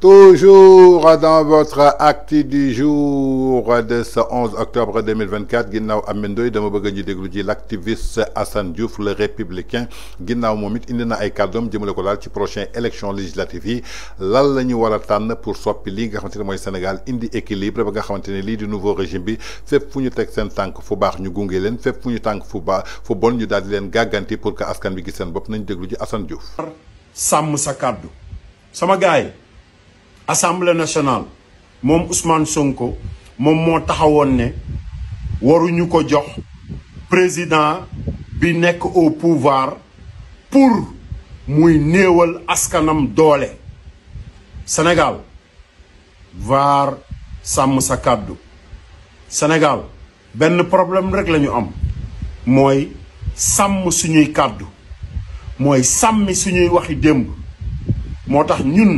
Toujours dans votre acte du jour de ce 11 octobre 2024 ginnaaw Amendoy, Ndoye dama bëgg ñu déglu l'activiste Assane Diouf le républicain ginnaaw Momit, Indina na ay kàddoom jëmale ko ci prochain élection législative yi lan la ñu pour soppi Pili, nga xamante Sénégal indi équilibre ba nga xamante ne di nouveau régime bi Fep fu ñu teg seen tànk fu baax ñu gunge leen fépp fu ñu fu baax fu bon ñu di pour que askan bi gis seen bopp nañ déglu Assane Diouf. sàmm sa kàddu sama gars yi assemblée nationale moom Ousmane Sonko moom moo taxawoon ne waruñu ko jox président bi nekk au pouvoir pour muy néewal askanam doole Sénégal vaar sàmm sa kàddu Sénégal benn problème rek lañu am mooy sàmm suñuy kàddu mooy sàmmi suñuy waxi démb moo tax ñun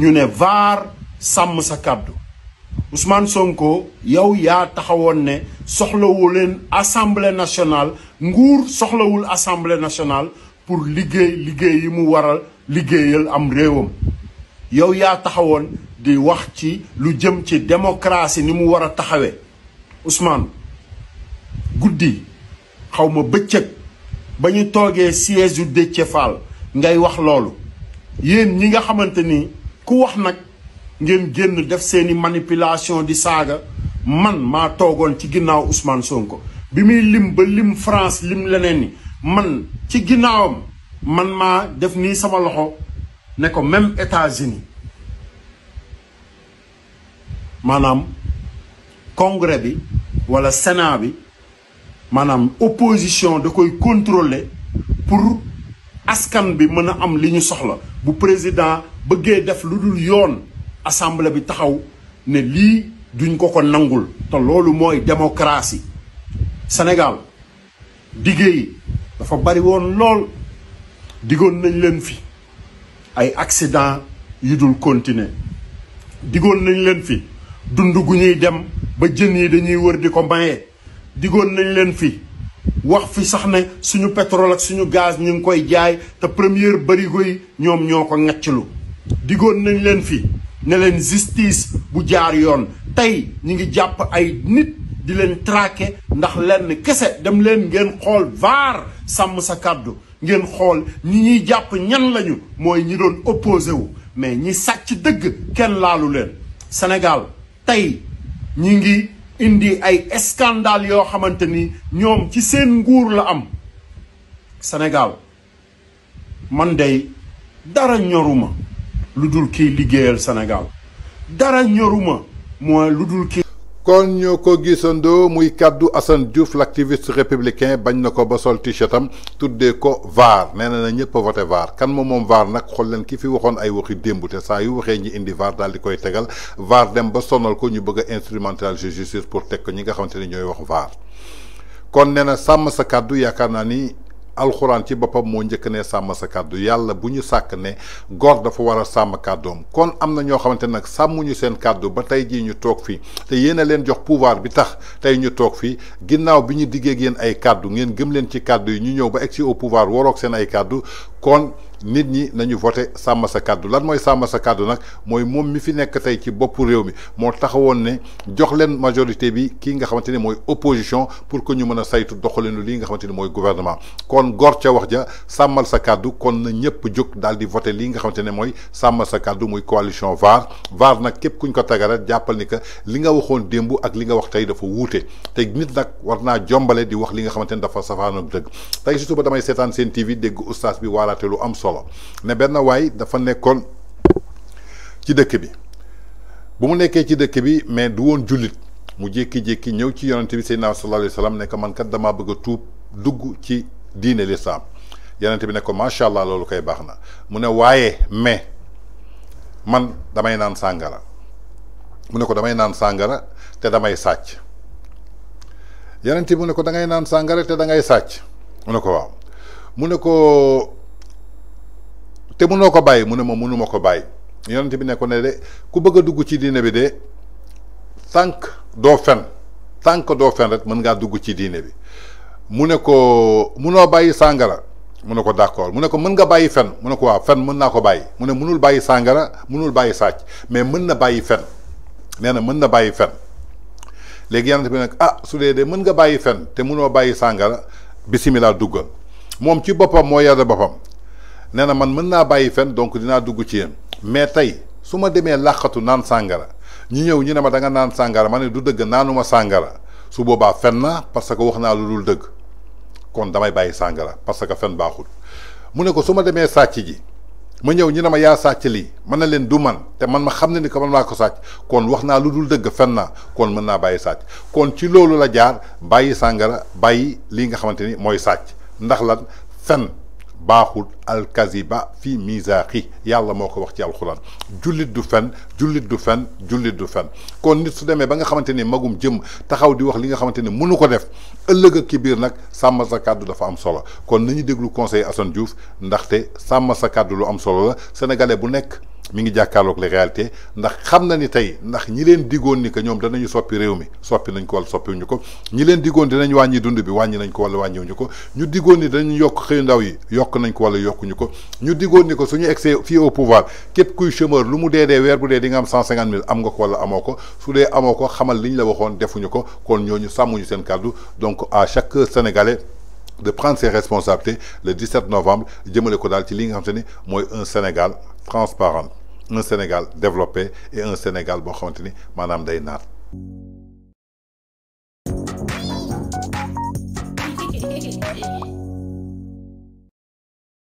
ñu ne vaar sàmm sa kàddu usmaan Sonko yow yaa taxawoon ne soxlawu leen assemblée nguur soxlawul assemblée national pour liggéey liggéey yi mu waral liggéeyal am réewam yow yaa taxawoon di wax ci lu jëm ci démocratie ni mu war a taxawee Ousmane guddi xawma bëccëg ba ñu toogee siège u Déthié ngay wax loolu yéen ñi nga xamante ni ku wax nag ngeen génn def seeni manipulation di saaga man maa toogoon ci ginnaaw Ousmane ko bi muy lim ba lim France lim leneen ni man ci ginnaawam man maa def ni sama loxo ne ko même états uni maanaam congrès bi walla Sénat bi manam opposition de koy contrôler pour askan bi mën am liñu bu président bëggee def luddul assemblée bi taxaw ne li duñ ko ko nangul te lolu moy démocratie Sénégal digé yi dafa bari won lool digon nañ leen fi ay accident yu dul continuer digon nañ leen fi dund guñuy dem ba dañuy wër di ko digoon nañ leen fi wax fi sax ne suñu pétrole ak suñu gaz ñu ngi koy jaay te première barigo yi ñoom ñoo ko ŋacclu digoon nañ leen fi ne leen justice bu jaar yoon tey ñu ngi jàpp ay nit di leen trake ndax lenn kese dem leen ngeen xool vaar sàmm sa kàddu ngeen xool ñi ñuy jàpp ñan lañu mooy ñi doon opposé wu mais ñi sàcc dëgg kenn laalu leen Sénégal tey ñi ngi indi ay scandale yoo xamante ni ñoom ci seen nguur la am Sénégal man dey dara ñoruma lu dul kiy liggéeyal Sénégal dara ñoruma mooy lu dul kii kon ñoo ko gisandoo muy kàddu Assane Diouf l'activiste républicain bañ na ko ba sol t-shirt am tuddee ko VAR nee na ñëpp a voté VAR kan moom moom VAR nag xool leen ki fi waxoon ay waxi démb te saa yu waxee ñi indi VAR daal di koy tegal VAR dem ba sonal ko ñu bëgg a instrumentaliser justice pour teg ko ñi nga xamante ne ñooy wax VAR kon nee na sàmm sa kàddu yaakaar naa ni. alxuraan ci boppam moo njëkk ne sàmm sa kàddu yàlla bu ñu sàkk ne góor dafa war a sàmm kàddoom kon am na ñoo xamante nag sàmmuñu seen kàddu ba tey jii ñu toog fii te yéen leen jox pouvoir bi tax tey ñu toog fii ginnaaw bi ñu diggee ak yéen ay kàddu ngeen gëm leen ci kàddu yi ñu ñëw ba egg si au waroog seen ay kàddu kon nit ñi nañu voté sàmm sa kàddu lan mooy sàmm sa kàddu nag mooy moom mi fi nekk tey ci boppu réew mi moo taxawoon ne jox leen majorité bi ki nga xamante ne mooy opposition pour que ñu mën a saytu doxalinu lii nga xamante ne mooy gouvernement kon gor ca wax ja sàmmal sa kàddu kon na ñëpp jóg daal di voté lii nga xamante ne mooy sàmmal sa kàddu muy coalition VAR VAR nag képp kuñ ko tagara jàppal ni que li nga waxoon démb ak li nga wax tey dafa wuute te nit nag war naa jombale di wax li nga xamante ne dafa safaan ak dëgg tey si suba damay seetaan seen TV dégg oustaz bi waalaate lu am solo solo ne benn waay dafa nekkoon ci dëkk bi bu mu nekkee ci dëkk bi mais du woon jullit mu jékki-jékki ñëw ci yonente bi seydinaa sallallahu alayhi wa sallam ne ko man kat bëgg a tuub dugg ci diine lislaam yonente bi ne ko macha allah loolu koy baax na mu ne waaye mais man damay naan sàngara mu ne ko damay naan sàngara te damay sàcc yonente bi mu ne ko da ngay naan sàngara te da sàcc mu ne ko waaw mu ne ko te mënoo ko bàyyi mu ne ma mënuma ko bàyyi yonent bi ne ko ne de ku bëgg a dugg ci diine bi de tànk doo fen tànk doo fen rek mën ngaa dugg ci diine bi mu ne koo ko noo bàyyi sàngara mu ne ko d'accord mu ne ko mën nga bàyyi fen mu ne ko waaw fen mën naa ko bàyyi mu ne mënul bàyyi sàngara mënul bàyyi sàcc mais mën na bàyyi fen nee na mën na bàyyi fen léegi yonent bi nag ah su dee dee mën nga bàyyi fen te mënoo bàyyi sàngara bisimilah duggal moom ci boppam moo yar boppam nee na man mën naa bàyyi fen donc dinaa dugg ci yéen mais tey su ma demee làqatu naan sàngara ñi ñëw ñu ne ma danga naan sàngara ma ne du dëgg naanuma sàngara su boobaa fen na parce que wax naa lu dul dëgg kon damay bàyyi sàngara parce que fen baaxul mu ne ko su ma demee sàcc ji ma ñëw ñu ne ma yaa sàcc lii mën na leen du man te man ma xam ne ni ko man maa ko sàcc kon wax naa lu dul dëgg fen naa kon mën naa bàyyi sàcc kon ci loolu la jaar bàyyi sàngara bàyyi lii nga xamante ni mooy sàcc ndax la fen باخوت الكذب في ميزاقي يالا موكو وخ تي القران جوليت دو فن جولي دو فن جوليت دو فن كون نيت سو ديمي باغا خامتيني ماغوم جيم تاخاو دي وخ ليغا خامتيني مونو كو ديف الهغ كبير نك سام سا كادو دا فا ام سولو كون ناني ديغلو كونساي اسان جوف نداختي سام سا كادو لو ام سولو سنغالي بو نيك mi ngi ak les réalités ndax xamna ni tay ndax ñi leen diggoon ni que ñoom danañu soppi réew mi soppi nañ ko wala soppiwuñu ko ñi leen diggoon dinañ wañi dund bi wañi nañ ko wala wàññiwuñu ko ñu diggoon ni dañu yok xey ndaw yi yok nañ ko wala yokkuñu ko ñu diggoon ni ko suñu excès fi au pouvoir kep kuy chômeur lu mu dédé dee bu dé di nga am 150000 am nga ko wala amoko su xamal liñ la waxon defuñu ko kon ñoñu sàmmuñu sen kàddu donc à chaque sénégalais de prendre ses responsabilités le 17 novembre jëmale ko daal ci li nga xam un Sénégal transparent un Sénégal développé et un Sénégal boo xamante ni maanaam day naat.